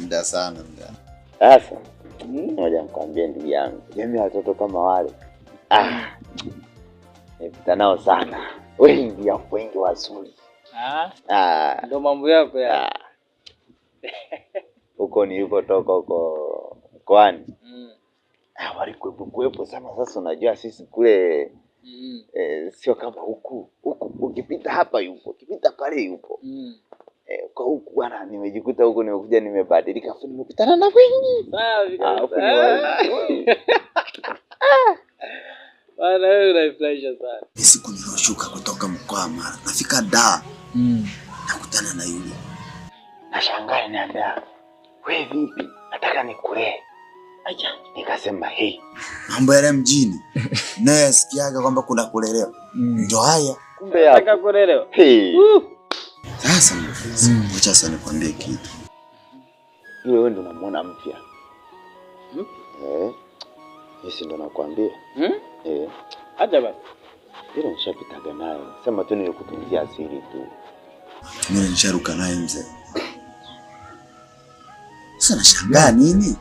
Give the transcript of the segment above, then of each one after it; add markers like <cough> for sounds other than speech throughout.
muda sana muda. Sasa ngoja nikwambie ndugu yangu, mimi watoto kama wale ah, nimepita nao sana, wengi ya wengi wazuri, ah. Ah. ndo mambo yako ya huko nilipotoka huko mkoani mm. walikuwepo kuwepo sana. Sasa unajua sisi kule mm. Eh, sio kama huku huku, ukipita hapa yupo, ukipita pale yupo mm kutoka huku bwana, nimejikuta huku, nimekuja nimebadilika, afu nimekutana na wengi ah, <laughs> Ni siku nilioshuka kutoka mkoa Mara, nafika da mm. nakutana na yule, nashangaa niambia, we vipi, nataka nikulee Acha nikasema hei, mambo yale mjini naye asikiaga kwamba kuna kulelewa, mm. ndo haya kumbe kulelewa. Uh. Mm. Sasa wacha sana nikwambie kitu. Yule wewe ndo unamwona mpya. Hmm? Eh. Yesi ndo nakwambia. Hmm? Eh. Acha basi. Ile nishapitaga nayo. Sema tu nilikutunzia asili tu. Mimi nisharuka naye mzee. Sasa nashangaa nini?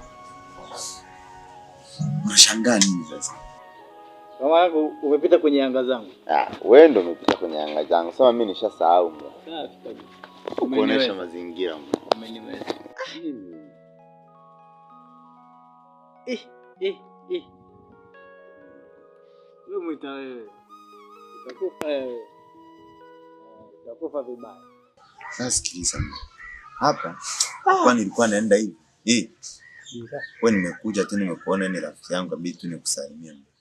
Unashangaa nini sasa? Mama yangu umepita kwenye anga zangu. Ah, wewe ndio umepita kwenye anga zangu. Sasa mimi nishasahau mbona. Safi kabisa. Kuonesha mazingira mbona. Umeniweza. Eh, hmm. eh, eh. Wewe mwita wewe. Utakufa wewe. Utakufa vibaya. Sasa sikiliza mimi. Hapa ah. kwa nilikuwa naenda hivi. Eh. Kwa nimekuja tena nimekuona ni rafiki yangu abidi tu nikusalimia.